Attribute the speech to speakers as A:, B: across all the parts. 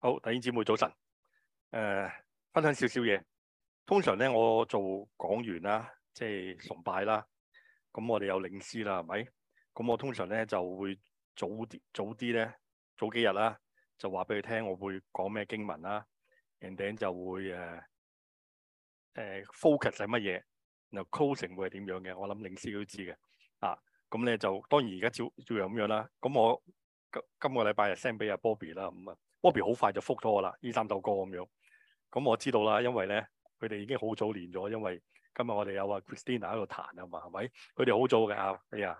A: 好弟兄姊妹早晨，誒、呃，分享少少嘢。通常咧，我做講員啦，即係崇拜啦，咁我哋有領師啦，係咪？咁我通常咧就會早啲，早啲咧，早幾日啦、啊，就話俾佢聽我會講咩經文啦，然後就會誒誒 focus 係乜嘢，嗱、呃、closing 會係點樣嘅，我諗領師都知嘅。啊，咁咧就當然而家照照樣咁樣啦。咁我今今個禮拜日 send 俾阿 Bobby 啦，咁啊。Bobby 好快就復咗我啦，呢三首歌咁樣，咁我知道啦，因為咧佢哋已經好早練咗，因為今日我哋有啊 Christina 喺度彈啊嘛，係咪？佢哋好早嘅啊，哎呀，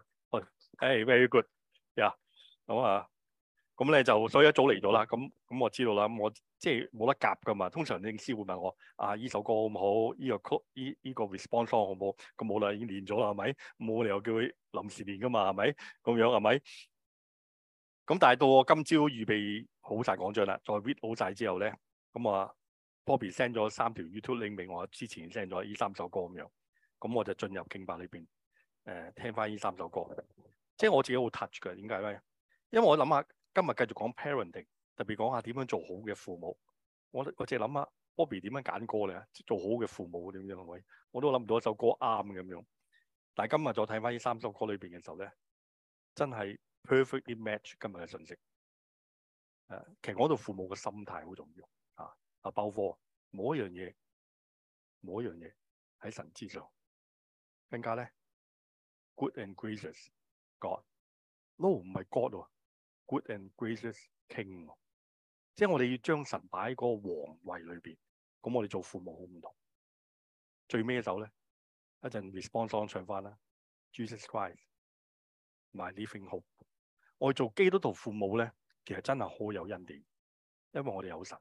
A: 哎 very good 呀、yeah. 嗯，咁、嗯、啊，咁、嗯、咧、嗯、就所以一早嚟咗啦，咁、嗯、咁、嗯嗯、我知道啦，咁、嗯、我即係冇得夾噶嘛，通常你師會問我啊呢首歌好唔好？呢、這個曲呢呢個 response song 好唔好？個冇啦，已經練咗啦，係咪？冇理由叫佢臨時練噶嘛，係咪？咁樣係咪？咁但係到我今朝預備。好晒講章啦，再 read 好晒之後咧，咁我 Bobby send 咗三條 YouTube link 俾我，之前 send 咗呢三首歌咁樣，咁我就進入經文裏面，誒、呃、聽翻呢三首歌。即係我自己好 touch 㗎，點解咧？因為我諗下今日繼續講 parenting，特別講下點樣做好嘅父母。我我即係諗下 Bobby 點樣揀歌咧，做好嘅父母點樣？我都諗唔到一首歌啱咁樣。但係今日再睇翻呢三首歌裏面嘅時候咧，真係 perfectly match 今日嘅信息。誒、啊，其實我哋父母嘅
B: 心態好重要啊！啊，包括，冇一樣嘢，冇一樣嘢喺神之上，更加咧，good and gracious God。No，唔係 God good and gracious King、啊。即係我哋要將神擺喺個王位裏邊，咁我哋做父母好唔同。
A: 最尾一首咧，一陣 response song 唱翻啦，Jesus Christ，my living hope。我哋做基督徒父母咧。其實真係好有恩典，因為我哋有神，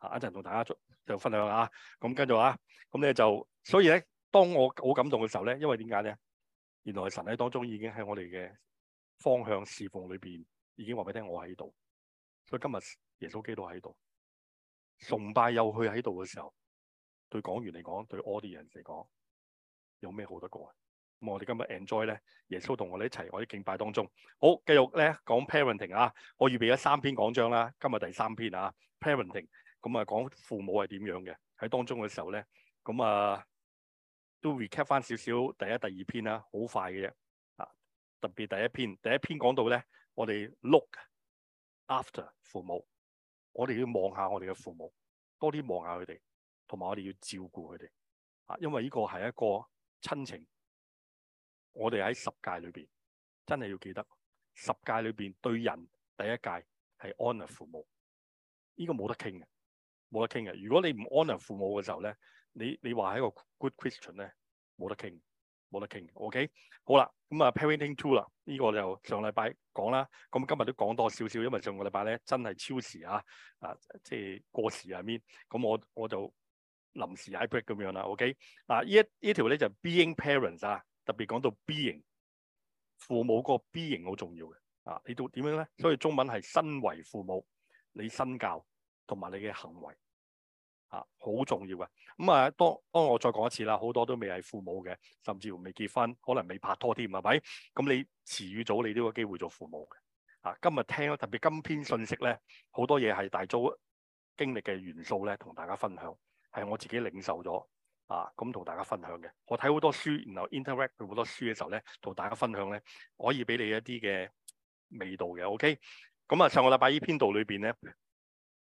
A: 吓，一陣同大家就分享啊。咁跟住啊，咁咧就所以咧，當我好感動嘅時候咧，因為點解咧？原來神喺當中已經喺我哋嘅方向侍奉裏邊，已經話俾聽我喺度。所以今日耶穌基督喺度，崇拜又去喺度嘅時候，對講員嚟講，對 all the 嚟講，有咩好得過啊？咁我哋今日 enjoy 咧，耶穌同我哋一齊喺啲敬拜當中，好繼續咧講 parenting 啊，我預備咗三篇講章啦，今日第三篇啊，parenting，咁啊講父母係點樣嘅喺當中嘅時候咧，咁啊都 recap 翻少少第一、第二篇啦，好快嘅啫，啊特別第一篇，第一篇講到咧，我哋 look after 父母，我哋要望下我哋嘅父母，多啲望下佢哋，同埋我哋要照顧佢哋，啊因為呢個係一個親情。我哋喺十戒裏邊，真係要記得十戒裏邊對人第一戒係 honor 父母，呢個冇得傾嘅，冇得傾嘅。如果你唔 honor 父母嘅時候咧，你你話喺一個 good Christian 咧，冇得傾，冇得傾。OK，好啦，咁啊 parenting two 啦，呢個就上禮拜講啦，咁今日都講多少少，因為上個禮拜咧真係超時啊，啊即係過時啊邊，咁我我就臨時 i break 咁樣啦。OK，啊依一依條咧就 being parents 啊。特別講到 being 父母嗰個 being 好重要嘅啊，你到點樣咧？所以中文係身為父母，你身教同埋你嘅行為啊，好重要嘅。咁、嗯、啊，當當我再講一次啦，好多都未係父母嘅，甚至乎未結婚，可能未拍拖添，係咪？咁你遲與早，你都有機會做父母嘅。啊，今日聽特別今篇信息咧，好多嘢係大組經歷嘅元素咧，同大家分享，係我自己領受咗。啊，咁同大家分享嘅。我睇好多書，然後 interact 好多書嘅時候咧，同大家分享咧，可以俾你一啲嘅味道嘅。OK，咁啊上個禮拜呢篇道裏邊咧，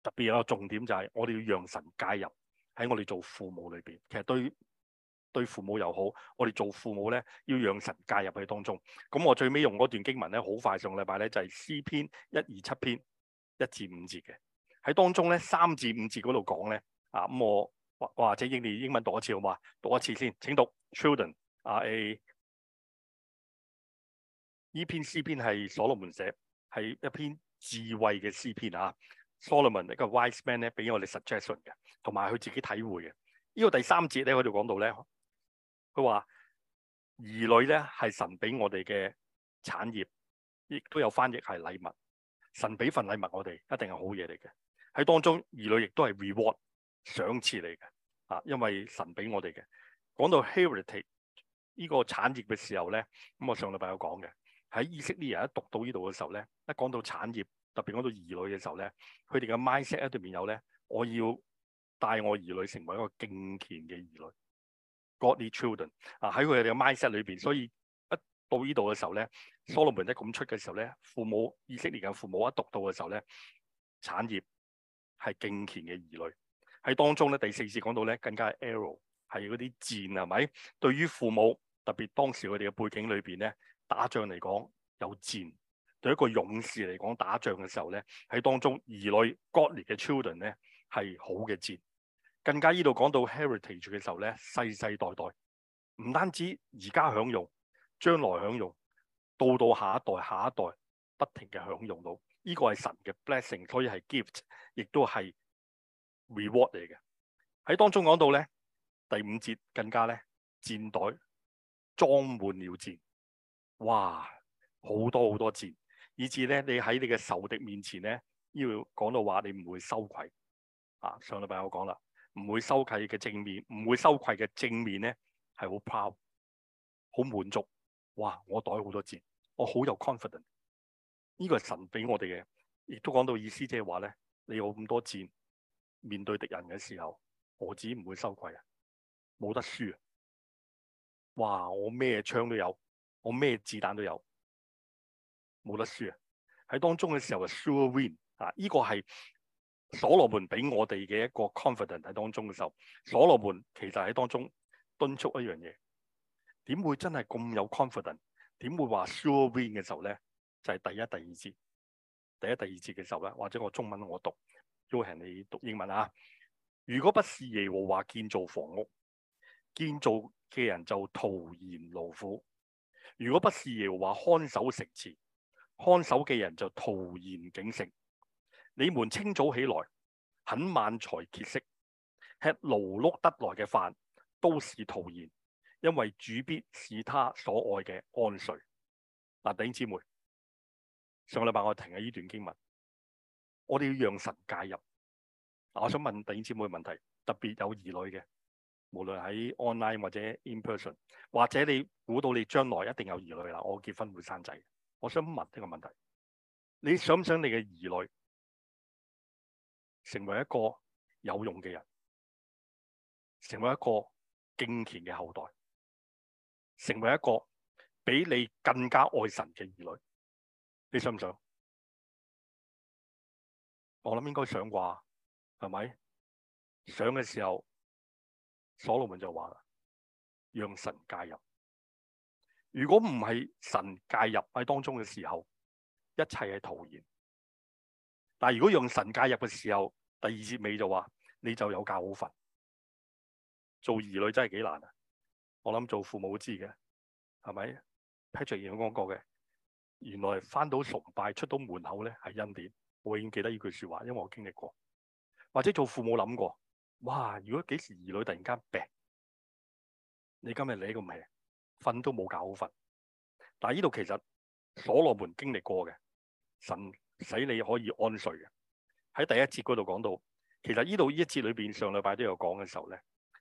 A: 特別有個重點就係我哋要讓神介入喺我哋做父母裏邊。其實對對父母又好，我哋做父母咧要讓神介入去當中。咁我最尾用嗰段經文咧，好快上個禮拜咧就係詩篇一二七篇一至五節嘅，喺當中咧三至五節嗰度講咧，啊咁我。哇，或者英譯英文讀一次好嘛？讀一次先，請讀 Children。啊，呢篇詩篇係所羅門寫，係一篇智慧嘅詩篇啊。Solomon 一個 wise man 咧，俾我哋 suggestion 嘅，同埋佢自己體會嘅。呢個第三節咧，我哋講到咧，佢話兒女咧係神俾我哋嘅產業，亦都有翻譯係禮物。神俾份禮物我哋，一定係好嘢嚟嘅。喺當中，兒女亦都係 reward。賞賜嚟嘅，啊，因為神俾我哋嘅。講到 heritage 呢個產業嘅時候咧，咁我上禮拜有講嘅，喺以色列人一讀到呢度嘅時候咧，一講到產業，特別講到兒女嘅時候咧，佢哋嘅 mindset 喺入面有咧，我要帶我兒女成為一個敬虔嘅兒女，godly children。啊，喺佢哋嘅 mindset 裏邊，所以一到呢度嘅時候咧，Solomon 一咁出嘅時候咧，父母以色列嘅父母一讀到嘅時候咧，產業係敬虔嘅兒女。喺當中咧，第四節講到咧，更加 arrow 係嗰啲箭係咪？對於父母，特別當時佢哋嘅背景裏邊咧，打仗嚟講有箭，對一個勇士嚟講打仗嘅時候咧，喺當中兒女 godly 嘅 children 咧係好嘅箭。更加依度，講到 heritage 嘅時候咧，世世代代唔單止而家享用，將來享用到，到下一代、下一代不停嘅享用到，呢個係神嘅 blessing，所以係 gift，亦都係。reward 嚟嘅，喺當中講到咧第五節更加咧，箭袋裝滿了箭，哇好多好多箭，以至咧你喺你嘅仇敵面前咧，要講到話你唔會羞愧啊！上禮拜我講啦，唔會羞愧嘅正面，唔會羞愧嘅正面咧係好 proud，好滿足，哇！我袋好多箭，我好有 confidence。呢個係神俾我哋嘅，亦都講到意思，即係話咧，你有咁多
B: 箭。面對敵人嘅時候，我自己唔會收跪啊，冇得輸啊！哇，我咩槍都有，我咩子彈都有，冇得輸啊！喺當中嘅時候係 sure win 啊！呢、這個係
A: 所羅門俾我哋嘅一個 confident 喺當中嘅時候，所羅門其實喺當中敦促一樣嘢，點會真係咁有 confident？點會話 sure win 嘅時候咧？就係、是、第一、第二節，第一、第二節嘅時候咧，或者我中文我讀。要係你讀英文啊！如果不是耶和華建造房屋，建造嘅人就徒然勞苦；如果不是耶和華看守城池，看守嘅人就徒然警醒。你們清早起來，很晚才歇息，吃勞碌得來嘅飯，都是徒然，因為主必是他所愛嘅安睡。嗱，弟兄姊妹，上個禮拜我停喺呢段經文。我哋要讓神介入。我想問弟兄姊妹問題，特別有兒女嘅，無論喺 online 或者 in person，或者你估到你將來一定有兒女啦，我結婚會生仔。
B: 我想問呢個問題，你想唔想你嘅兒女成為一個有用嘅人，成為一個敬虔嘅後代，成為一個比你更加愛神嘅兒女？你想唔想？我諗應該想啩，係咪上嘅時候，所羅門就話：，讓神介入。如果唔係神介入喺當中
A: 嘅時候，一切係徒然。但係如果讓神介入嘅時候，第二節尾就話：，你就有教好訓。做兒女真係幾難啊！我諗做父母知嘅，係咪？Patrick 講過嘅，原來翻到崇拜出到門口咧係恩典。我已經記得呢句說話，因為我經歷過，
B: 或者做父母諗過，哇！如果幾時兒女突然間病，你今日呢個咪係瞓都冇搞好瞓。但係呢度其實所
A: 羅門經歷過嘅，神使你可以安睡嘅。喺第一節嗰度講到，其實呢度呢一節裏邊上禮拜都有講嘅時候咧，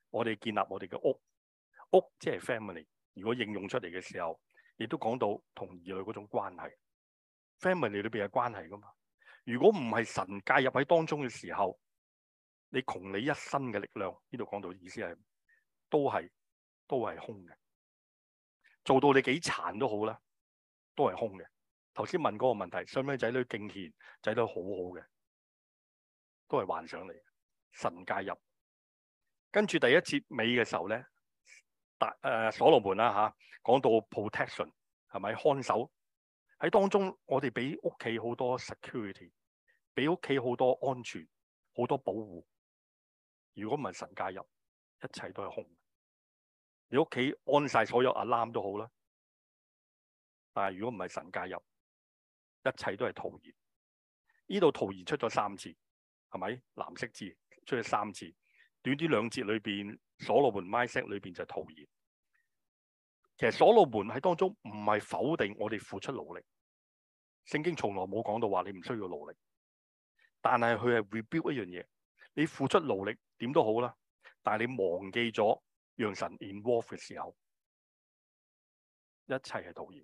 A: 我哋建立我哋嘅屋屋即係 family。如果應用出嚟嘅時候，亦都講到同兒女嗰種關係，family 裏邊嘅關係噶嘛。如果唔係神介入喺當中嘅時候，你窮你一身嘅力量，呢度講到意思係都係
B: 都係空嘅，做到你幾殘都好啦，都係空嘅。頭先問嗰個問題，細妹仔女敬虔，仔女好好嘅，都
A: 係幻想嚟嘅。神介入，跟住第一節尾嘅時候咧，大誒所羅門啦、啊、嚇，講到 protection 係咪看守喺當中，我哋俾屋企好多 security。俾屋企好多安全，
B: 好多保護。如果唔係神介入，一切都係空。你屋企安晒所有 alarm 都好啦，但係如果唔係神介入，一切都係徒然。呢度徒然出咗三次，係咪
A: 藍色字出咗三次？短啲兩節裏邊，所羅門 myset 裏邊就係徒然。其實所羅門喺當中唔係否定我哋付出努力。聖經從來冇講到話你唔需要努力。但係佢係 rebuild 一
B: 樣嘢，你付出努力點都好啦，但係你忘記咗讓神 involve 嘅時候，一切係徒然。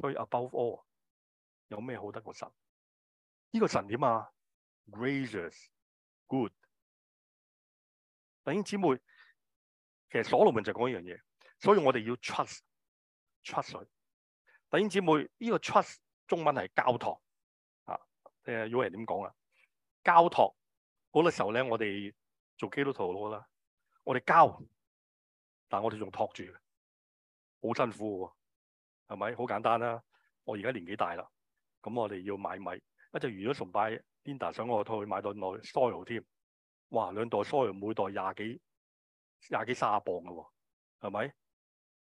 B: 所以 above all，有咩好得過神？呢、呢個神點啊？gracious，good。弟 gracious，兄姊妹，其實所羅門就講一樣嘢，所以我哋要 trust，trust 佢 tr。
A: 弟兄姊妹，呢、呢個 trust 中文係交託。誒，呃、有人點講啦？交託，好啲時候咧，我哋做基督徒啦，我哋交，但係我哋仲托住，好辛苦喎、啊，係咪？好簡單啦、啊。我而家年紀大啦，咁我哋要買米，一就遇咗崇拜 Linda 想我託佢買到兩袋 soy 油添，哇！兩袋 soy 油每袋廿幾廿幾三十磅嘅、啊、喎，係咪？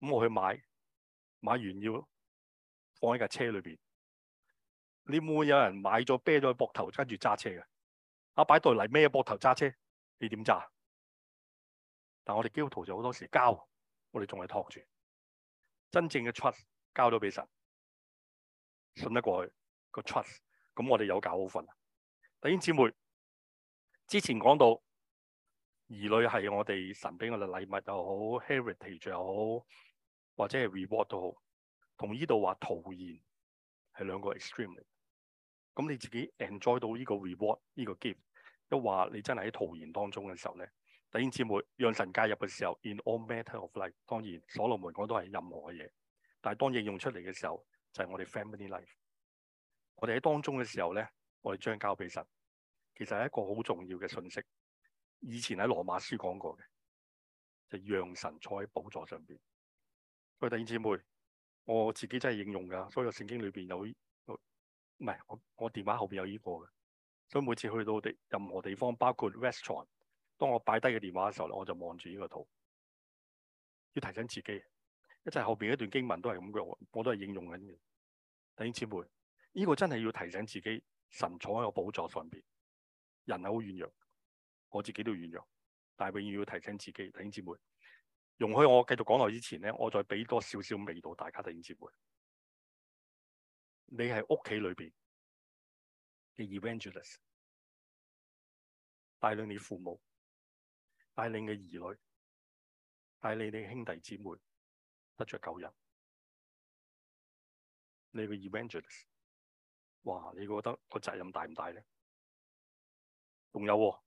A: 咁我去買，買完要
B: 放喺架車裏邊。你會唔會有人買咗啤喺膊頭，跟住揸車嘅？啊，擺袋嚟咩？膊頭揸車，你點揸？
A: 但我哋基督徒就好多時交，我哋仲係托住。真正嘅 trust 交咗俾神，信得過去個 trust，咁我哋有教好份啊。弟兄姊妹，之前講到兒女係我哋神俾我哋禮物又好，heritage 又好，或者係 reward 都好，同呢度話徒然，係兩個 extreme。咁你自己 enjoy 到呢個 reward 呢個 gift，又話你真係喺徒然當中嘅時候咧，弟兄姊妹，讓神介入嘅時候 in all matter of life，當然所羅門講都係任何嘅嘢，但係當應用出嚟嘅時候就係、是、我哋 family life，我哋喺當中嘅時候咧，我哋將交俾神，其實係一個好重要嘅信息。以前喺羅馬書講過嘅，就是、讓神坐喺寶座上邊。所以弟兄姊妹，我自己真係應用噶，所有聖經裏邊有。唔係，我我電話後邊有呢個嘅，所以每次去到啲任何地方，包括 restaurant，當我擺低嘅電話嘅時候咧，我就望住呢個圖，要提醒自己。一陣後邊一段經文都係咁嘅，我都係應用緊嘅。弟兄姊妹，呢個真係要提醒自己，神坐喺個寶座上邊，人係好軟弱，我自己都軟弱，但係永遠要提醒自己。弟兄
B: 姊妹，容許我繼續講落去，之前咧，我再俾多少少味道大家。弟兄姊妹。你喺屋企裏邊嘅 evangelist，帶領你父母，帶領嘅兒女，帶領你兄弟姊妹得着救恩。你嘅 evangelist，哇！你覺得個責任大唔大咧？仲有喎，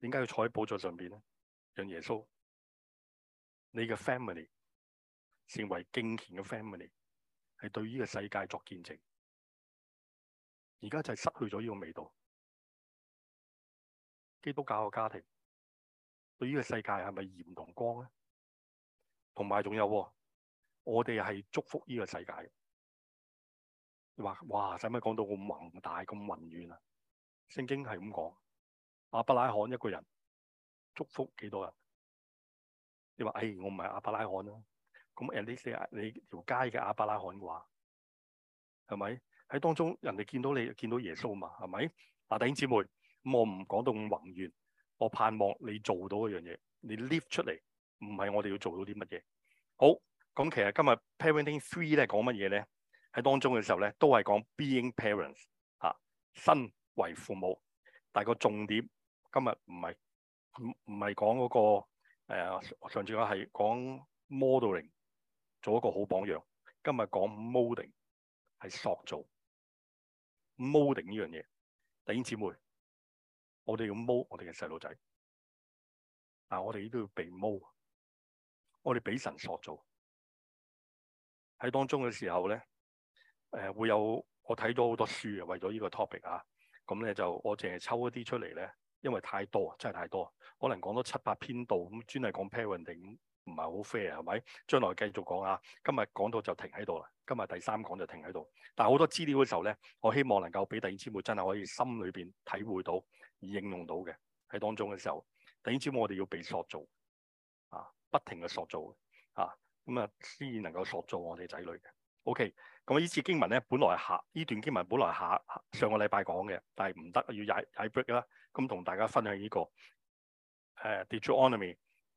B: 點解要坐喺寶座上邊咧？讓耶穌你嘅 family 成為敬虔嘅 family。係對呢個世界作見證，而家就係失去咗呢個味道。基督教嘅家庭對呢個世界係咪鹽同光咧？同埋仲有，我哋係祝福呢個世界嘅。你話哇，使唔使講到咁宏大、咁宏遠啊？聖經係咁講，亞伯拉罕一個人祝福幾多人？
A: 你話，哎，我唔係亞伯拉罕啦。咁 at least，你條街嘅亞伯拉罕話係咪？喺當中人哋見到你見到耶穌嘛？係咪？阿弟兄姊妹，我唔講到咁宏遠，我盼望你做到嗰樣嘢，你 live 出嚟，唔係我哋要做到啲乜嘢。好，咁其實今日 Parenting Three 咧講乜嘢咧？喺當中嘅時候咧，都係講 Being Parents 吓，身為父母，但係個重點今日唔係唔係講嗰個誒、呃，上次我係講 Modeling。做一個好榜樣。今日講
B: moding 係塑造 moding 呢樣嘢。弟兄姊妹，我哋要 mould 我哋嘅細路仔，啊，我哋都要被 mould。我哋俾神塑造喺當中嘅時候
A: 咧，誒，會有我睇咗好多書啊，為咗呢個 topic 啊，咁咧就我淨係抽一啲出嚟咧，因為太多，真係太多，可能講多七八篇度咁，專係講 parenting。唔係好 fair 係咪？將來繼續講啊，今日講到就停喺度啦。今日第三講就停喺度。但係好多資料嘅時候咧，我希望能夠俾弟兄姊妹真係可以心裏邊體會到而應用到嘅喺當中嘅時候，弟兄姊妹，我哋要被塑造啊，不停嘅塑造啊，咁啊先能夠塑造我哋仔女嘅。OK，咁呢次經文咧，本來下呢段經文本來下上個禮拜講嘅，但係唔得，要踩 break 啦，咁同大家分享呢、這個誒 digital economy。Uh,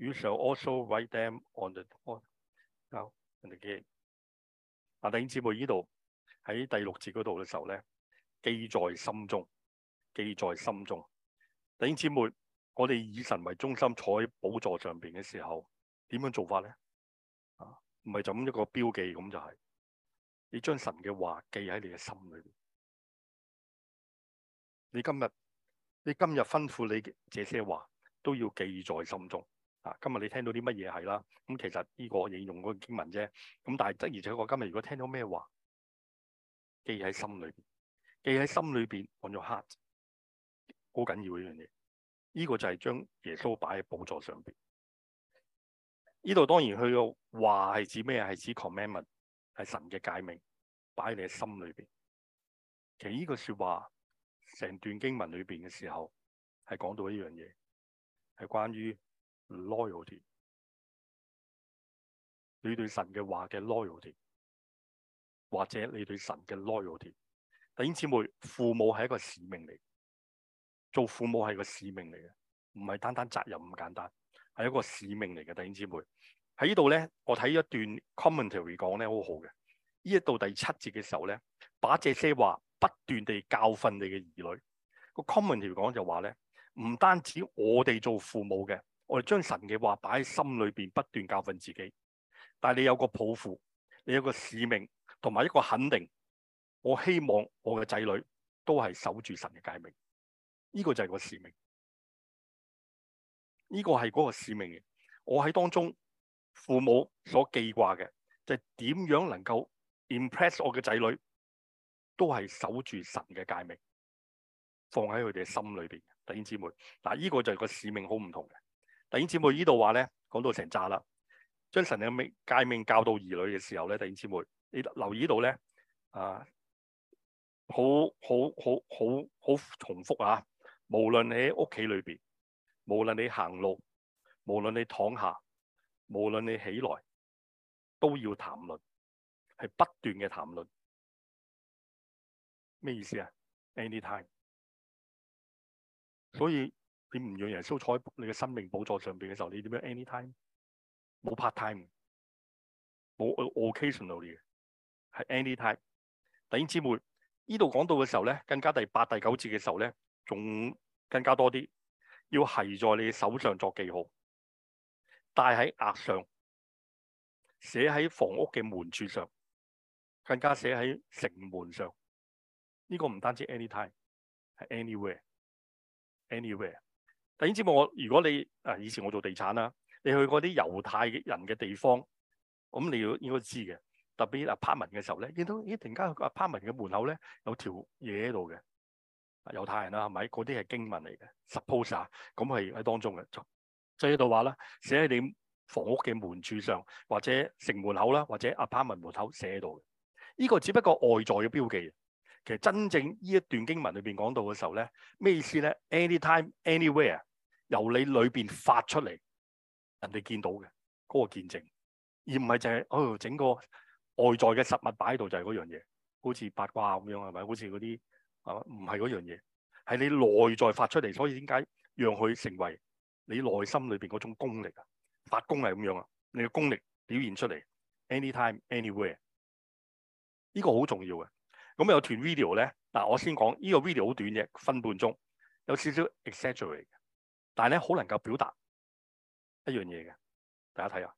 A: 你 shall also write them on the top，啊，弟兄姊妹呢度喺第六節嗰度嘅時候咧，記在心中，記在心中。弟兄姊妹，我哋以神為中心坐喺寶座上邊嘅時候，
B: 點樣做法咧？啊，唔係就咁一個標記咁就係、是，你將神嘅話記喺你嘅心裏邊。你今日，
A: 你今日吩咐你嘅這些話都要記在心中。今日你聽到啲乜嘢係啦？咁其實呢個我引用嗰個經文啫。咁但係得，而且確今日如果聽到咩話，
B: 記喺心裏邊，記喺心裏邊，講咗 heart 好緊要呢樣嘢。呢個就係將耶穌擺喺寶座上邊。
A: 呢度當然佢嘅話係指咩？係指 commandment，係神嘅戒命，擺喺你嘅心裏邊。其實呢個説話成段經文裏邊嘅時
B: 候，係講到呢樣嘢，係關於 loyalty，你對神嘅話嘅 loyalty，或者你對神嘅 loyalty。弟兄姊妹，父母係一個使命嚟，
A: 做父母係一個使命嚟嘅，唔係單單責任咁簡單，係一個使命嚟嘅。弟兄姊妹喺呢度咧，我睇一段 commentary 講咧好好嘅，呢一度第七節嘅時候咧，把這些話不斷地教訓你嘅兒女。個 commentary 講就話咧，唔單止我哋做父母嘅。我哋將神嘅話擺喺心裏邊，不斷教訓自己。但係你有個抱負，你有個使命同埋一個肯
B: 定。我希望我嘅仔女都係守住神嘅誡命，呢、這個就係個使命。呢、這個係嗰個使命嘅。我喺當中，
A: 父母所記掛嘅就係、是、點樣能夠 impress 我嘅仔女，都係守住神嘅誡命，放喺佢哋嘅心裏邊。弟兄姊妹，嗱呢個就係個使命很不同，好唔同嘅。弟兄姐妹，呢度話咧，講到成扎啦。將神嘅命誡命教導兒女嘅時候咧，弟兄姐妹，你留意到咧，啊，好好好好好重複啊！無論你喺屋企裏邊，無論你行路，無論你躺下，
B: 無論你起來，都要談論，係不斷嘅談論。咩意思啊？Anytime。所以。你唔讓人坐喺你嘅生命寶座上邊嘅時候，你點樣？anytime？
A: 冇 part time，冇 occasionally 嘅，係 anytime。弟兄姊妹，呢度講到嘅時候咧，更加第八、第九節嘅時候咧，仲更加多啲，要係在你手上作記號，戴喺額
B: 上，寫喺房屋嘅門柱上，更加寫喺城門上。呢、呢個唔單止 anytime，係 any anywhere，anywhere。
A: 突然之間，我如果你啊，以前我做地產啦，你去嗰啲猶太人嘅地方，咁你要應該知嘅。特別 apartment 嘅時候咧，見到咦，突然間 apartment 嘅門口咧有條嘢喺度嘅。猶太人啦，係咪嗰啲係經文嚟嘅？Suppose 咁、啊、係喺當中嘅。所以喺度話啦，寫喺你房屋嘅門柱上，或者城門口啦，或者 apartment 門口寫喺度嘅。呢、呢個只不過外在嘅標記。其實真正呢一段經文裏邊講到嘅時候咧，咩意思咧？Anytime anywhere。由你裏邊發出嚟，人哋見到嘅嗰個見證，而唔係淨係哦整個外在嘅實物擺喺度就係嗰樣嘢，好似八卦咁樣係咪？好似嗰啲嚇，唔係嗰樣嘢，係你內在發出嚟，所以點解讓佢成為你內心裏邊嗰種功力啊？發功係咁樣啊，你嘅功力表現出嚟，anytime anywhere，呢個好重要嘅。咁有段 video 咧，嗱我先講呢個 video 好短嘅，分半鐘，有少
B: 少 exaggerate。但係咧，好能夠表達一樣嘢嘅，大家睇下。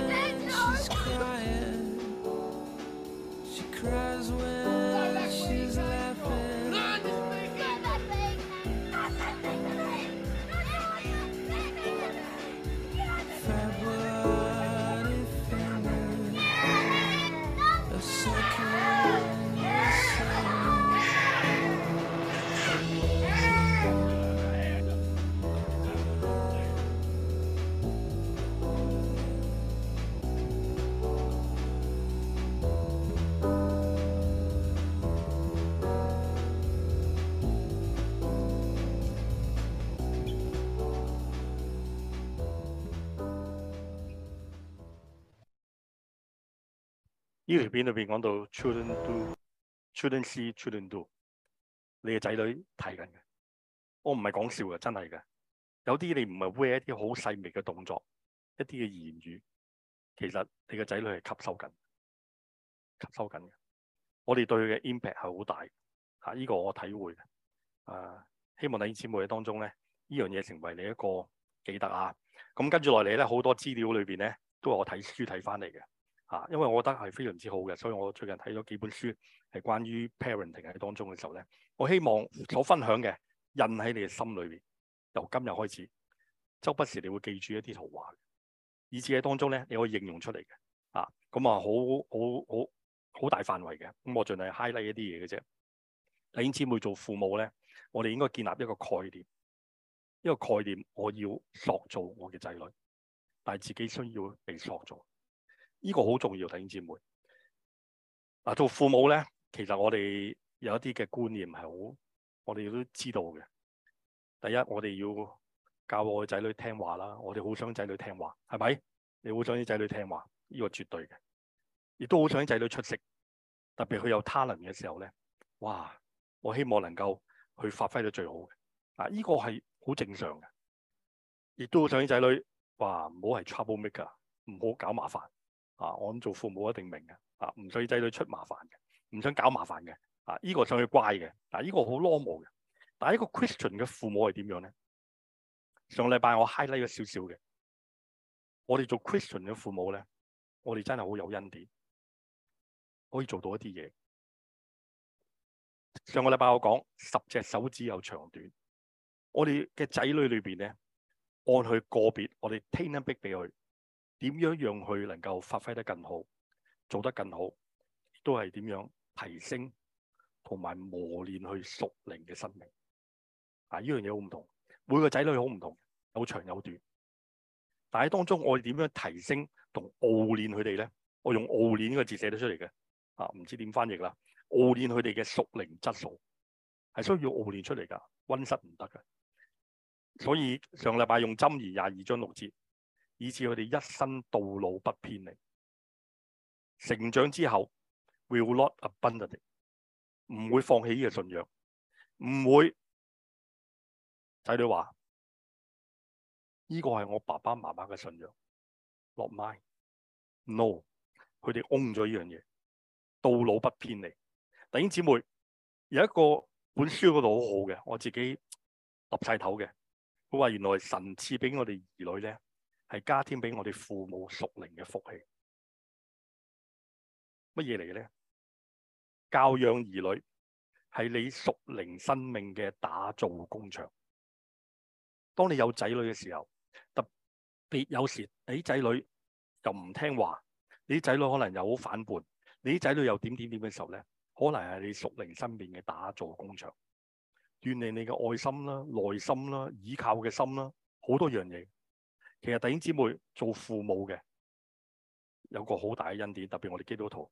A: 呢條片裏邊講到 children do, children see, children do。你嘅仔女睇緊嘅，我唔係講笑嘅，真係嘅。有啲你唔係 aware 一啲好細微嘅動作，一啲嘅言語，其實你嘅仔女係吸收緊、吸收緊嘅。我哋對佢嘅 impact 係好大㗎，依、這個我體會嘅。誒、啊，希望你弟兄姊妹當中咧，呢樣嘢成為你一個記得啊。咁跟住落嚟咧，好多資料裏邊咧，都係我睇書睇返嚟嘅。啊，因為我覺得係非常之好嘅，所以我最近睇咗幾本書係關於 parenting，喺當中嘅時候咧，我希望所分享嘅印喺你嘅心裏面，由今日開始，周不時你會記住一啲圖畫，以至喺當中咧你可以應用出嚟嘅。啊，咁啊，好好好好大範圍嘅，咁我盡量 highlight 一啲嘢嘅啫。弟兄姊妹做父母咧，我哋應該建立一個概念，一個概念，我要塑造我嘅仔女，但係自己需要被塑造。呢個好重要，弟兄姐妹。嗱，做父母咧，其實我哋有一啲嘅觀念係好，我哋都知道嘅。第一，我哋要教我嘅仔女聽話啦，我哋好想仔女聽話，係咪？你好想啲仔女聽話？呢個絕對嘅。亦都好想啲仔女出色，特別佢有 talent 嘅時候咧，哇！我希望能夠去發揮到最好嘅。啊，呢個係好正常嘅。亦都好想啲仔女，哇！唔好係 trouble maker，唔好搞麻煩。啊！我諗做父母一定明嘅，啊唔想仔女出麻煩嘅，唔想搞麻煩嘅，啊、這、呢個想去乖嘅、這個，但係呢個好 normal 嘅。但係一個 Christian 嘅父母係點樣咧？上個禮
B: 拜我 highlight 咗少少嘅，我哋做 Christian 嘅父母咧，我哋真係好有恩典，可以做到一啲嘢。上個禮拜我講十隻手指有長短，我哋嘅仔女裏邊咧，
A: 按佢個別，我哋 tailor-make 俾佢。點樣讓佢能夠發揮得更好，做得更好，都係點樣提升同埋磨練佢屬靈嘅生命啊？呢樣嘢好唔同，每個仔女好唔同，有長有短。但係當中我點樣提升同熬練佢哋咧？我用熬練呢個字寫得出嚟嘅啊，唔知點翻譯啦。熬練佢哋嘅屬靈質素係需要熬練出嚟㗎，溫室唔得㗎。所以上禮拜用箴言廿二章六節。以致佢哋一生道路不偏離，
B: 成長之後 will not abandon，you。唔會放棄呢個信仰，唔會仔女話呢個係我爸爸媽媽嘅信仰。not mine no，佢哋 own 咗呢樣嘢，道路不偏離。弟兄姊妹有一
A: 個本書嗰度好好嘅，我自己岌晒頭嘅。佢話原來神
B: 賜俾我哋兒女咧。係加添俾我哋父母屬靈嘅福氣，乜嘢嚟嘅咧？教養兒女係你屬靈生命嘅打造工場。當你有仔女嘅
A: 時候，特別有時你仔女又唔聽話，你仔女可能又好反叛，你仔女又點點點嘅時候咧，可能係你屬靈生命嘅打造工場，鍛煉你嘅愛心啦、耐心啦、倚靠嘅心啦，好多樣嘢。其實弟兄姊妹做父母嘅有個好大嘅恩典，特別我哋基督徒，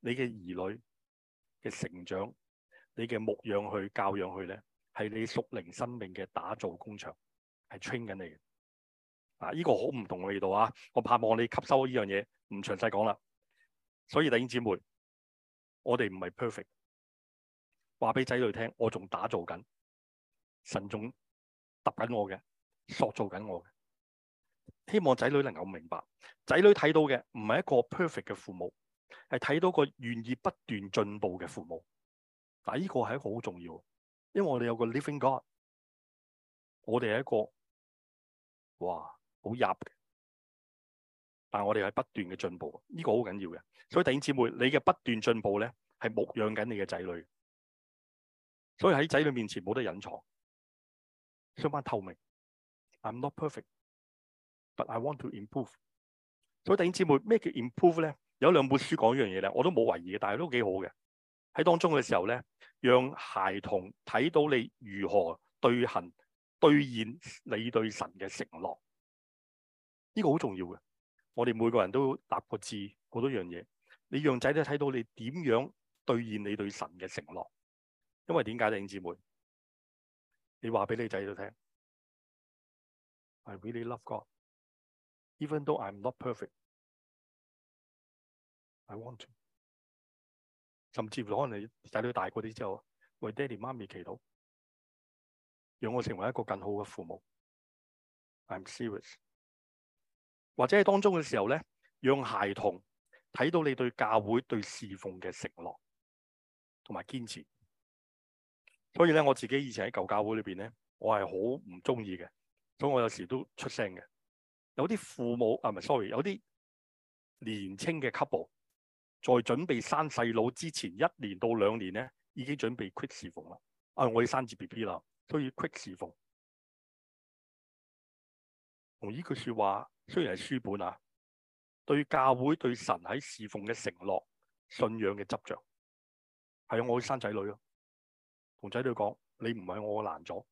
A: 你嘅兒女嘅成長，你嘅牧養去教養去咧，係你屬靈生命嘅打造工場，係 train 緊你嘅。啊，呢個好唔同嘅味道啊！我盼望你吸收呢樣嘢，唔詳細講啦。
B: 所以弟兄姊妹，我哋唔係 perfect，話俾仔女聽，我仲打造緊，神仲揼緊我嘅，塑
A: 造緊我嘅。希望仔女能夠明白，仔女睇到嘅唔係一個 perfect 嘅父母，係睇到個願意不斷進步嘅父母。嗱，呢個係一個
B: 好重要，因為我哋有個 living God，我哋係一個哇好入嘅，但係我哋係不斷嘅進步，呢個好緊要嘅。所以弟兄姊妹，你嘅不斷進步咧，係牧養緊你嘅仔女，所以喺仔女面前冇得隱藏，相反透明。I'm not perfect。I want to improve。所以弟兄姊妹，咩叫 improve 咧？
A: 有兩本書講一樣嘢咧，我都冇懷疑，但係都幾好嘅。喺當中嘅時候咧，讓孩童睇到你如何兌行、兌現你對神嘅承諾，呢、這個好重要嘅。我哋每個人都立過字好多樣嘢，你讓仔都睇到你點樣兌現你對神嘅承諾。
B: 因為點解，弟兄姊妹，你話俾你仔都聽，I really love God Even though I'm not perfect, I want to。甚至可能你仔女大嗰啲之後，為爹哋媽咪祈禱，讓我成為一個更好嘅父母。I'm serious。或者喺當中嘅時候咧，讓孩童
A: 睇到你對教會對侍奉嘅承諾同埋堅持。所以咧，我自己以前喺舊教會裏邊咧，我係好唔中意嘅，所以我有時都出聲嘅。有啲父母啊，唔係，sorry，有啲年青嘅 couple 在準備生細佬之前一年到兩年咧，已經準備 quit 侍
B: 奉啦。啊、哎，我要生子 B B 啦，所以 quit 侍奉。同呢句說話雖然係書本啊，對教會、對神喺
A: 侍奉嘅承諾、信仰嘅執着，係我要生仔女咯。同仔女講，你唔係我嘅攔阻，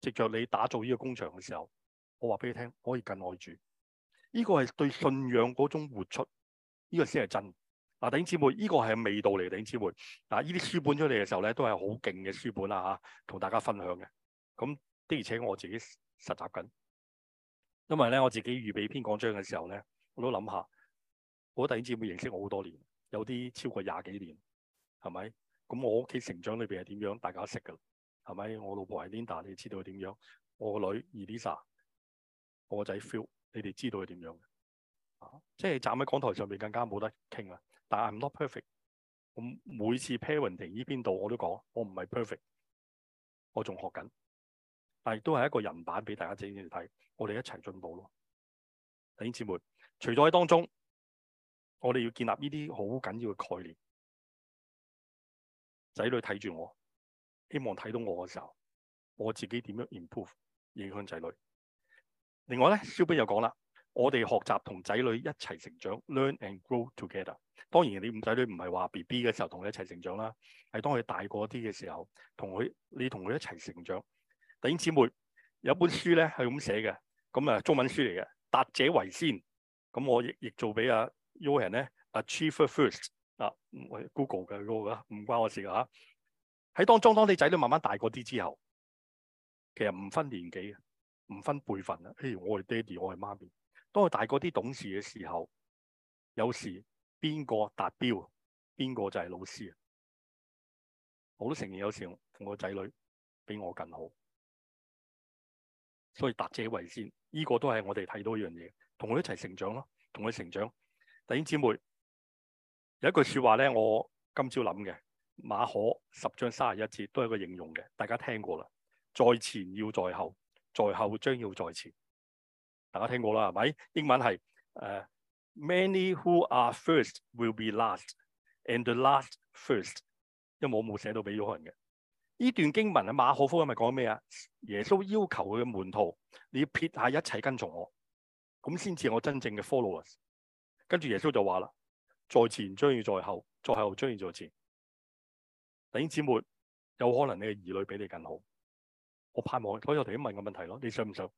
A: 藉着你打造呢個工場嘅時候。我話俾你聽，我可以更愛住，呢、這個係對信仰嗰種活出，呢、這個先係真。嗱，弟兄姊妹，呢個係味道嚟，弟兄姊妹。嗱、這個，呢啲書本出嚟嘅時候咧，都係好勁嘅書本啦吓，同大家分享嘅。咁的而且，我自己實習緊，因為咧我自己預備篇講章嘅時候咧，我都諗下，我弟兄姊妹認識我好多年，有啲超過廿幾年，係咪？咁我屋企成長裏邊係點樣，大家識噶，係咪？我老婆係 Linda，你知道係點樣？我個女 Edisa。我個仔 feel，你哋知道係點樣嘅，啊，即係站喺講台上面更加冇得傾啦。但係 I'm not perfect，我每次 parenting 呢邊度，我都講
B: 我唔係 perfect，我仲學緊，但係都係一個人版俾大家仔女睇，我哋一齊進步咯。弟兄姊妹，除咗喺當中，我哋要建立呢啲好緊要嘅概念，仔女睇住我，希望睇到我嘅時候，我自己點樣 improve，影響仔女。
A: 另外咧，肖斌又講啦，我哋學習同仔女一齊成長，learn and grow together。當然，你五仔女唔係話 B B 嘅時候同佢一齊成長啦，係當佢大個啲嘅時候，同佢你同佢一齊成長。弟兄姊妹有本書咧係咁寫嘅，咁啊中文書嚟嘅，達者為先。咁我亦亦做俾啊 Yohan 咧，Achieve first 啊，喂 Go Google 嘅嗰個唔關我事噶、啊、吓。喺當中，當你仔女慢慢大個啲之後，其實唔分年紀嘅。唔分輩份，譬如我係爹哋，我係媽咪。當我大個啲懂事嘅時候，有時
B: 邊個達標，邊個就係老師啊。我都承認有時同個仔女比我更好，所以達者
A: 為先。呢個都係我哋睇到的一樣嘢，同佢一齊成長咯，同佢成長。弟兄姊妹有一句說話咧，我今朝諗嘅，馬可十章三十一節都係一個應用嘅，大家聽過啦，在前要在後。在後將要在前，大家聽過啦係咪？英文係誒、uh,，Many who are first will be last，and the last first。因為我冇寫到俾咗人嘅呢段經文啊，馬可福音係咪講咩啊？耶穌要求佢嘅門徒，你要撇下一切跟從我，咁先至我真正嘅 followers。跟住耶穌就話啦，在前將要在後，在後將要在前。弟兄姊妹，有可能你嘅兒女比你更好。我盼望，所以我哋都問個問題咯。你信唔信？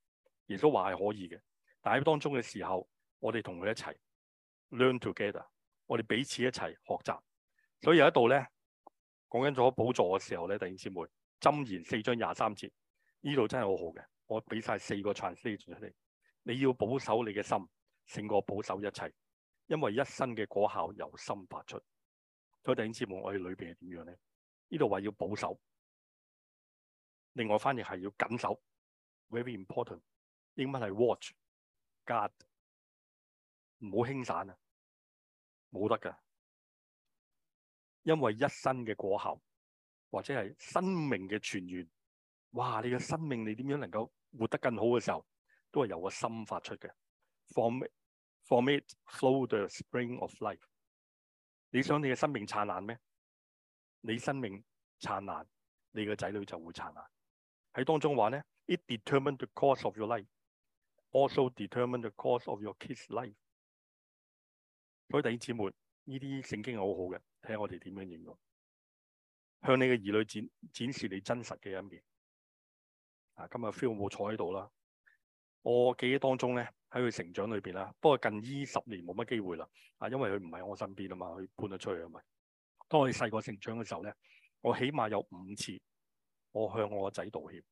A: 耶穌話係可以嘅，但係當中嘅時候，我哋同佢一齊 learn together，我哋彼此一齊學習。所以有一度咧，講緊咗補助嘅時候咧，弟兄姊妹，箴言四章廿三節，呢度真係好好嘅，我俾晒四個 translation 出嚟。你要保守你嘅心，勝過保守一切，因為一生嘅果效由心發出。所以弟兄姊妹，我哋裏面係點樣咧？呢度話要保
B: 守。另外翻譯係要緊守，very important。英文係 watch guard 唔好輕散啊，冇得㗎。因為一生嘅果效，或
A: 者係生命嘅傳源，哇！你嘅生命你點樣能夠活得更好嘅時候，都係由個心發出嘅。form ate, form it through the spring of life。你想你嘅生命燦爛咩？你生命燦爛，你嘅仔女就會燦爛。喺當中話咧，it determine the course of your life，also determine the course of your kids' life。所以弟兄姊妹，呢啲聖經係好好嘅，睇下我哋點樣形容。向你嘅兒女展展示你真實嘅一面。啊，今日 feel 冇坐喺度啦。我記憶當中咧，喺佢成長裏邊啦，不過近依十年冇乜機會啦。啊，因為佢唔喺我身邊啊嘛，佢搬咗出去啊嘛、嗯。當我哋細個成長嘅時候咧，我起碼有五次。我向我個仔道歉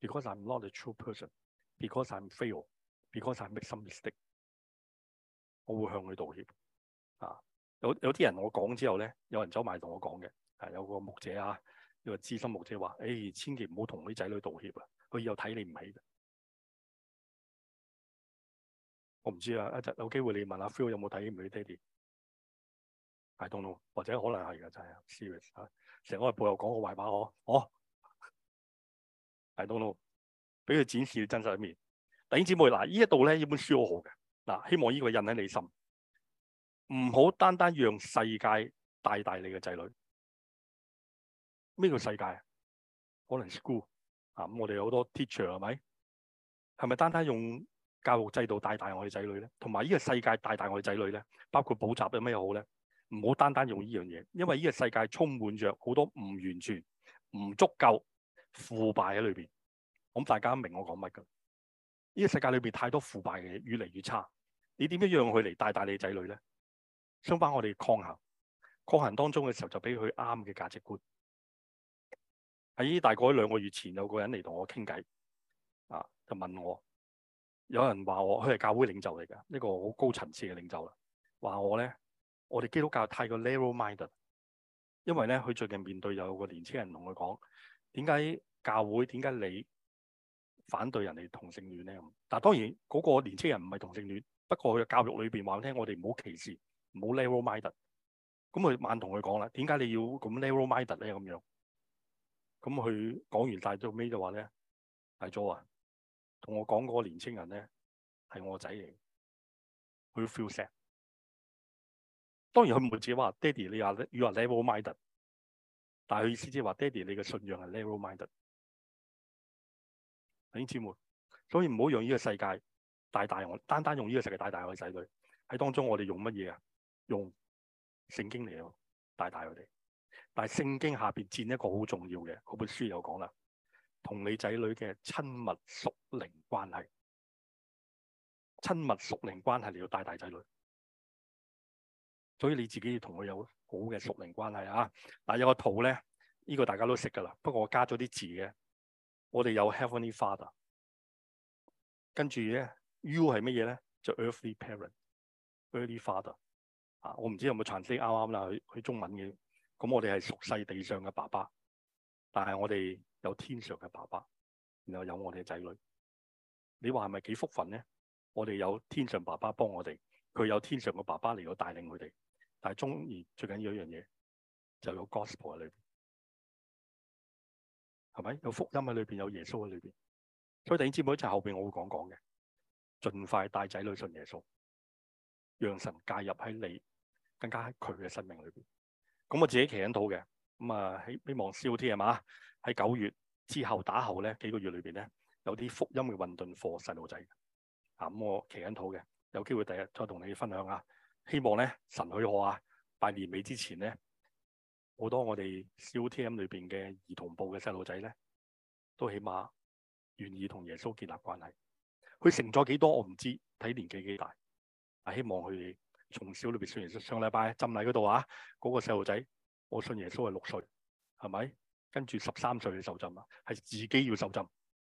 A: ，because I'm not a true person，because I'm fail, because I make some mistake。我會向佢道歉。啊，有有啲人我講之後咧，有人走埋同我講嘅，有個牧者啊，一個資深牧者話，誒、哎，千祈唔好同啲仔女道歉啊，佢以後睇你唔起。我
B: 唔知啊，一陣有機會你問下 Phil 有冇睇唔起佢爹哋，I don't know 或者可能係嘅就係、是、serious 嚇。啊成日我係背後講我壞話，我我我，我，我，俾佢展
A: 示真實一面。弟兄姊妹，嗱呢一度咧，呢本書好好嘅，嗱希望呢個印喺你心，唔好單單讓世界帶大你嘅仔女。咩叫世界啊？可能 school 啊咁，我哋好多 teacher 係咪？係咪單單用教育制度帶大我哋仔女咧？同埋呢個世界帶大我哋仔女咧，包括補習有咩好咧？唔好單單用呢樣嘢，因為呢個世界充滿着好多唔完全、唔足夠腐敗喺裏邊。咁大家明我講乜噶？呢個世界裏邊太多腐敗嘅嘢，越嚟越差。你點樣讓佢嚟帶大你仔女咧？相反，我哋抗衡，抗衡當中嘅時候就俾佢啱嘅價值觀。喺大概兩個月前，有個人嚟同我傾偈，啊，就問我，有人話我，佢係教會領袖嚟噶，一個好高層次嘅領袖啦，話我咧。我哋基督教太過 narrow-minded，因為咧佢最近面對有個年青人同佢講，點解教會點解你反對人哋同性戀咧？嗱，當然嗰個年青人唔係同性戀，不過佢嘅教育裏邊話咧，我哋唔好歧視，唔好 narrow-minded。咁佢慢同佢講啦，點解你要咁 narrow-minded 咧？咁樣咁佢講完最，晒，係到尾就話咧，戴 Joe 啊！
B: 同我講嗰個年青人咧係我仔嚟，佢 feel sad。當然佢唔會自己話爹哋你話要話 level minded，但係佢意思即係話爹哋你嘅信仰係 level minded。你知唔知？
A: 所以唔好用呢個世界帶大我，單單用呢個世界帶大我嘅仔女。喺當中我哋用乜嘢啊？用聖經嚟咯，帶大佢哋。但係聖經下邊佔一個好重要嘅，嗰本書又講啦，同你仔女嘅親密屬
B: 靈關係，親密屬靈關係嚟要帶大仔女。所以你自己要同佢有好嘅熟齡關係啊！嗱，有個圖咧，
A: 呢個大家都識㗎啦。不過我加咗啲字嘅，我哋有 Heavenly Father，跟住咧，You 係乜嘢咧？就 Earthly Parent，Earthly Father 啊！我唔知有冇傳譯啱啱啦。佢佢中文嘅，咁我哋係熟世地上嘅爸爸，但係我哋有天上嘅爸爸，然後有我哋嘅仔女。你話係咪幾福分咧？我哋有天上爸爸幫我哋，佢有天上嘅
B: 爸爸嚟到帶領佢哋。但係中意最緊要一樣嘢，就有 gospel 喺裏邊，係咪有福音喺裏邊，有耶穌喺裏邊。所以弟兄姊妹，就係、是、後邊我會講講嘅，盡快帶仔女信耶穌，讓神
A: 介入喺你更加喺佢嘅生命裏邊。咁、嗯、我自己祈緊禱嘅，咁啊希希望 COT 係嘛喺九月之後打後咧幾個月裏邊咧，有啲福音嘅運動課細路仔啊，咁我祈緊禱嘅，有機會第日再同你分享下。希望咧神許我啊！拜年尾之前咧，好多我哋小 TAM 裏邊嘅兒童部嘅細路仔咧，都起碼願意同耶穌建立關係。佢成咗幾多我唔知，睇年紀幾大。啊，希望佢從小裏面信耶穌，上禮拜浸禮嗰度啊，嗰、那個細路仔我信耶穌係六歲，係咪？跟住十三歲就受浸啦，係自己要受浸。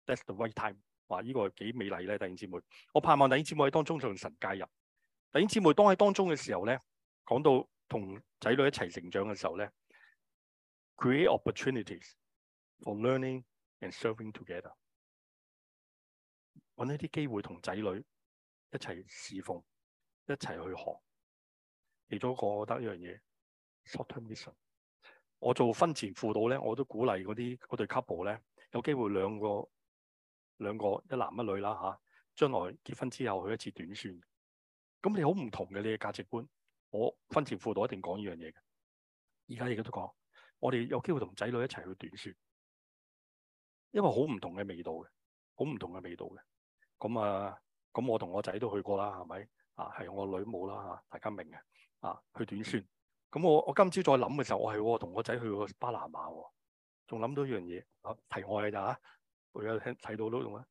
A: That's the right time。話、這、呢個幾美麗咧，弟兄姐妹。我盼望弟兄姐妹喺當中從神介入。弟兄姊妹，當喺當中嘅時候咧，講到同仔女一齊成長嘅時候咧，create
B: opportunities for learning and serving together，搵一啲機會同仔女一齊侍奉、一齊去學。
A: 其中一個，我覺得一樣嘢，short-term mission。我做婚前輔導咧，我都鼓勵嗰啲嗰對 couple 咧，有機會兩個兩個一男一女啦嚇，將來結婚之後去一次短宣咁你好唔同嘅你嘅價值觀，我婚前輔導一定講呢樣嘢嘅，而家亦都講。我哋有機會同仔女一齊去短宣，因為好唔同嘅味道嘅，好唔同嘅味道嘅。咁啊，咁我同我仔都去過啦，係咪啊？係我女冇啦嚇，大家明嘅啊？去短宣。咁我我今朝再諗嘅時候，哎、我係同我仔去過巴拿馬喎，仲諗到一樣嘢啊。題外嘅咋嚇？大家聽睇到都懂啊？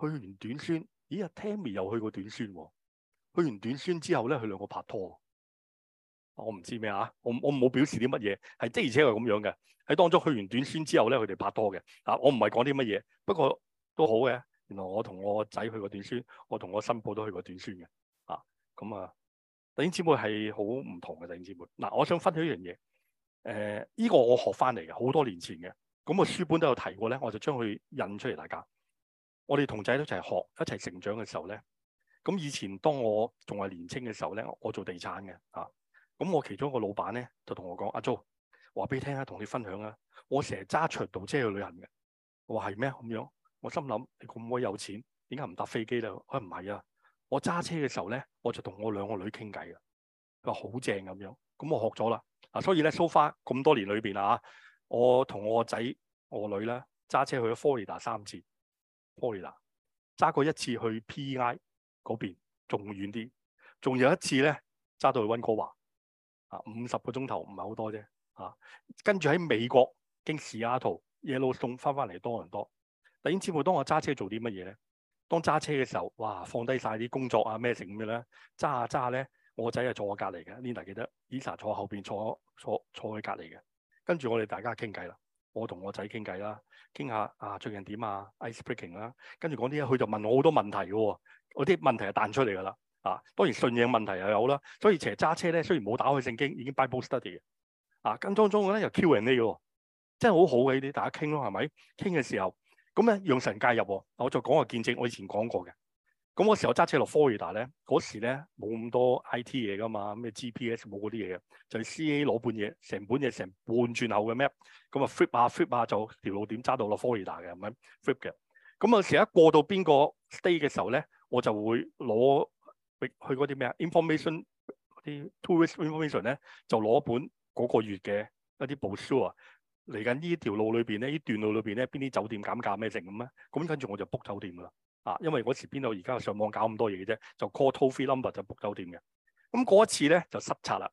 A: 去完短宣，咦啊，Tammy 又去過短宣喎。去完短宣之後咧，佢兩個拍拖。我唔知咩啊，我我冇表示啲乜嘢，係即而且係咁樣嘅。喺當中去完短宣之後咧，佢哋拍拖嘅。啊，我唔係講啲乜嘢，不過都好嘅。原來我同我仔去過短宣，我同我新抱都去過短宣嘅。啊，咁啊，弟兄姊妹係好唔同嘅弟兄姊妹。嗱、啊，我想分享一樣嘢。誒、呃，依、呢個我學翻嚟嘅，好多年前嘅。咁個書本都有提過咧，我就將佢印出嚟，大家。我哋同仔一齊學，一齊成長嘅時候咧。咁以前當我仲係年青嘅時候咧，我做地產嘅啊，咁我其中一個老闆咧就同我講：阿 Joe 話俾你聽啊，同、啊、你,你分享啊，我成日揸長途車去旅行嘅。我話係咩咁樣？我心諗你咁鬼有錢，點解唔搭飛機咧？佢話唔係啊，我揸車嘅時候咧，我就同我兩個女傾偈啊，佢話好正咁樣。咁我學咗啦嗱，所以咧 so far 咁多年裏邊啊，我同我個仔、我個女咧揸車去咗佛羅里達三次，佛羅里達揸過一次去 PI。嗰邊仲遠啲，仲有一次咧，揸到去溫哥華啊，五十個鐘頭唔係好多啫啊！跟住喺美國經西雅圖 Yellowstone 翻翻嚟多倫多。突然之間，當我揸車做啲乜嘢咧？當揸車嘅時候，哇！放低晒啲工作啊咩成咁樣咧，揸下揸下咧，我個仔係坐我隔離嘅，Linda 記得，Lisa 坐在後面坐坐坐在邊坐坐坐佢隔離嘅。跟住我哋大家傾偈啦，我同我仔傾偈啦，傾下啊最近點啊，ice breaking 啦，跟住講啲嘢，佢就問我好多問題嘅喎、哦。嗰啲問題係彈出嚟㗎啦，啊當然信仰問題又有啦，所以其日揸車咧，雖然冇打開聖經，已經 Bible study 嘅，啊間中中咧又 Qing 呢個，真係好好嘅呢啲大家傾咯，係咪傾嘅時候咁咧用神介入喎，我再講個見證，我以前講過嘅，咁嗰時候揸車落 f 佛爾達咧，嗰時咧冇咁多 I T 嘢㗎嘛，咩 G P S 冇啲嘢嘅，就係司機攞半嘢，成本嘢成半轉後嘅咩？a p 咁啊 flip 下、啊、flip 下、啊、就條路點揸到落 Florida 嘅，係咪 flip 嘅？咁啊時一過到邊個 s t a y 嘅時候咧？我就會攞去嗰啲咩啊，information 啲 tourist information 咧，就攞本嗰個月嘅一啲報銷啊。嚟緊呢一條路裏邊咧，呢段路裏邊咧，邊啲酒店減價咩剩咁咧？咁跟住我就 book 酒店噶啦，啊，因為嗰時邊度而家上網搞咁多嘢嘅啫，就 call toll free number 就 book 酒店嘅。咁嗰一次咧就失策啦，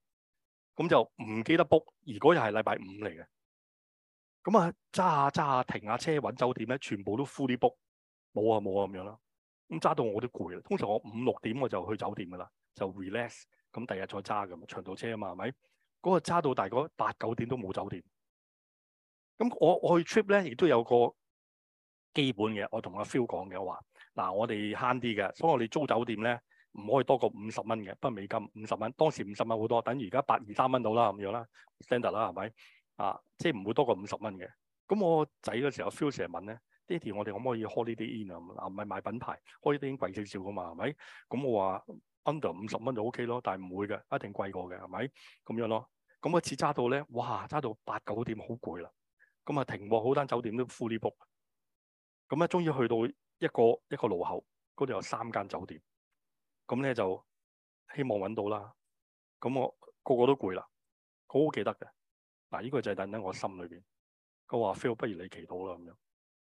A: 咁就唔記得 book。而嗰日係禮拜五嚟嘅，咁啊揸下揸下停下車揾酒店咧，全部都 full book，冇啊冇啊咁樣啦。咁揸到我都攰啦，通常我五六點我就去酒店噶啦，就 relax。咁第日再揸咁長途車啊嘛，係咪？嗰、嗰個揸到大概八九點都冇酒店。咁我我去 trip 咧，亦都有個基本嘅，我同阿 Phil 講嘅，話話嗱，我哋慳啲嘅，所以我哋租酒店咧唔可以多過五十蚊嘅，不過美金五十蚊。當時五十蚊好多，等於而家八二三蚊到啦咁樣啦 standard 啦係咪？啊，即係唔會多過五十蚊嘅。咁我仔嘅時候，Phil 成日問咧。爹哋，我哋可唔可以開呢啲 in 啊？唔係買品牌，開呢啲 in 貴少少噶嘛，係咪？咁我話 under 五十蚊就 OK 咯，但係唔會嘅，一定貴過嘅，係咪？咁樣咯。咁一次揸到咧，哇！揸到八九點好攰啦。咁啊停喎，好單酒店都 full book。咁啊，終於去到一個一個路口嗰度有三間酒店，咁咧就希望搵到啦。
B: 咁我個個都攰啦，好好記得嘅嗱，呢、啊這個就係等喺我心裏邊。佢話 Phil，不如你祈禱啦，咁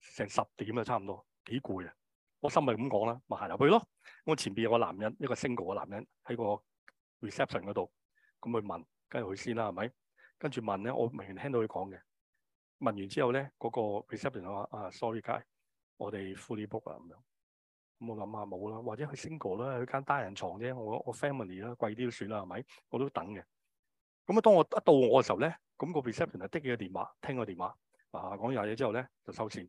A: 成十點啦，差唔多，幾攰啊。我心咪咁講啦，咪行入去咯。我前邊有個男人，一個 single 嘅男人喺個 reception 嗰度，咁去問，跟住佢先啦，係咪？跟住問咧，我明明聽到佢講嘅。問完之後咧，嗰、那個 reception 話：，啊、ah,，sorry guy，我哋 fully booked 啦，咁樣。咁我諗下冇啦，或者去 single 啦，去間單人床啫。我我 family 啦，貴啲都算啦，係咪？我都等嘅。咁啊，當我一到我嘅時候咧，咁、那個 reception 就接佢個電話，聽個電話，啊，講咗嘢之後咧，就收錢。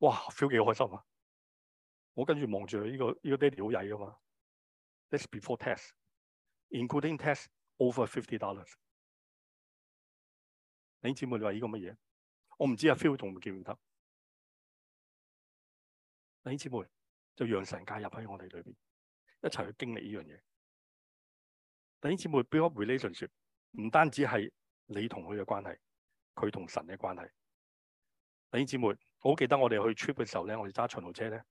B: 哇，feel 幾開心啊！我跟住望住呢個呢個爹哋好曳㗎嘛。This is before test，including test over fifty dollars。弟兄姊妹，你話呢個乜嘢？我唔知啊，feel 仲記唔得？弟兄姊妹，就讓神介入喺我哋裏邊，一齊去經歷呢樣嘢。弟兄姊妹，build up relationship，唔單止
A: 係你同佢嘅關係，佢同神嘅關係。弟兄姐妹，我好記得我哋去 trip 嘅時候咧，我哋揸長途車咧，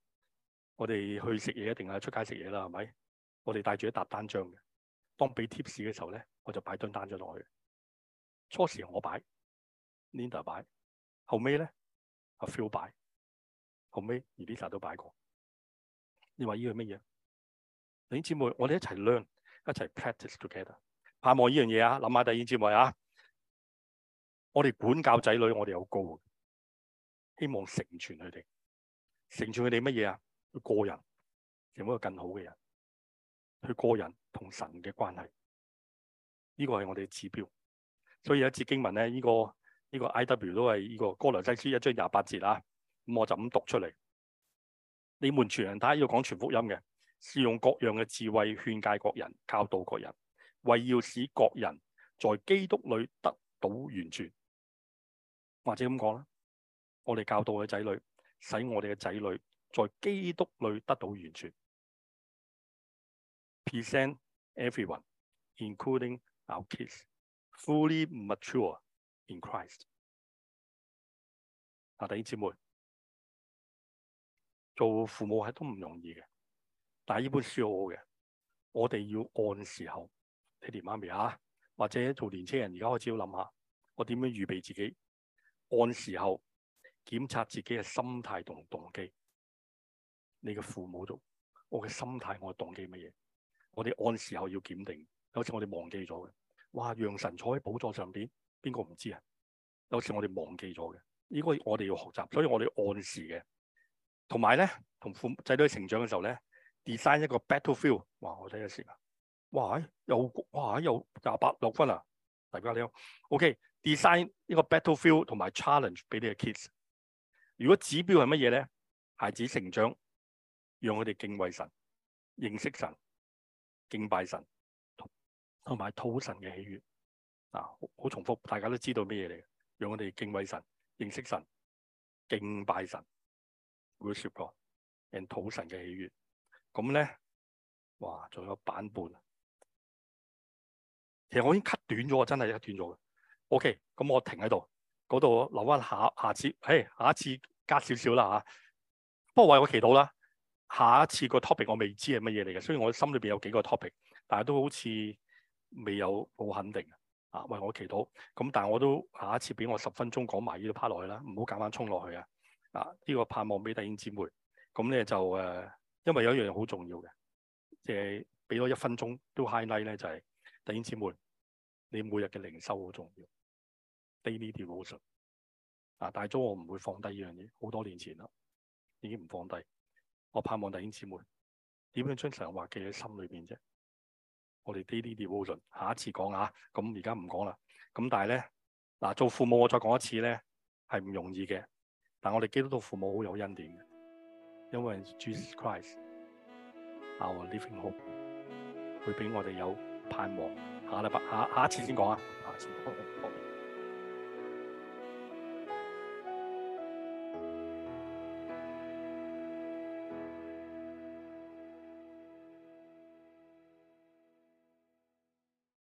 A: 我哋去食嘢一定係出街食嘢啦，係咪？我哋帶住一沓單張嘅，當俾 tips 嘅時候咧，我就擺張單張落去。
B: 初時我擺，Linda 擺，後尾咧阿 Phil 擺，後尾 Elisa 都擺過。你話呢樣乜嘢？
A: 弟兄姐妹，我哋一齊 learn，一齊 practice together。盼望呢樣嘢啊，諗下弟兄姐妹啊，
B: 我哋管教仔女，我哋好高。希望成全佢哋，成全佢哋乜嘢啊？佢個人成為一個更好嘅人，佢個人同神嘅關係，呢、這個係我哋嘅指標。
A: 所以有一次經文咧，呢、這個呢、這個 I.W. 都係呢、這個歌羅西書一章廿八節啦。咁我就咁讀出嚟：你們全人，大家要講全福音嘅，是用各樣嘅智慧勸戒各人，教導各人，為要使各人在基督
B: 裏得到完全，或者咁講啦。我哋教導嘅仔女，使我哋嘅仔女在基督裏得到完全。Present everyone, including our kids, fully mature in Christ。啊，弟兄姊妹，做父母係都唔容易嘅，但係呢本書好
A: 好嘅，我哋要按時候，爹哋媽咪嚇，或者做年青人而家開始要諗下，我點樣預備自己，按時候，檢查自己嘅心態同動機。你嘅父母都，我嘅心態，我嘅動機乜嘢？我哋按時候要檢定，有時我哋忘記咗嘅。哇，讓神坐喺寶座上邊，邊個唔知啊？有時我哋忘記咗嘅，應該我哋要學習。所以我哋要按時嘅，同埋咧，同父母仔女成長嘅時候咧，design 一個 battlefield。哇，我睇下先啊！哇，又哇又廿八六分啊！大家你好。OK，design 一個 battlefield 同埋 challenge 俾你嘅 kids。如果
B: 指標係乜嘢咧？孩子成長，讓我哋敬畏神、認識神、敬拜神，同埋討神嘅喜悅。啊，
A: 好重複，大家都知道乜嘢嚟嘅？讓我哋敬畏神、認識神、敬拜
B: 神，worship God, and 討神嘅喜悅。咁咧，哇，仲有版本。其實我已經 cut 短咗，我真係 cut 短
A: 咗嘅。OK，咁我停喺度。嗰度留翻下下次，誒，下一次加少少啦吓，啊。不過為我祈禱啦，下一次個 topic 我未知係乜嘢嚟嘅，雖然我心裏邊有幾個 topic，但係都好似未有好肯定嘅。啊，為我祈禱，咁但係我都下一次俾我十分鐘講埋呢度趴落去啦，唔好夾硬衝落去啊。啊，呢、這個盼望俾弟兄姊妹，咁咧就誒、呃，因為有一樣嘢好重要嘅，即係俾多一分鐘都 highlight 咧，就係、是、弟兄姊妹，你每日嘅靈修好重要。Daily devotion 低呢啲標準啊，但係都我唔會放低呢樣嘢，好多年前啦，已經唔放低。我盼望弟兄姊妹點樣將神話記喺心裏邊啫？我哋 Daily devotion，下一次講啊。咁而家唔講啦。咁但係咧嗱，做父母我再講一次咧，係唔容易嘅。但我哋基督徒父母好有恩典嘅，因為 Jesus Christ, Our Living Hope, 會俾我哋有盼望。下禮拜下下一次先講啊。下次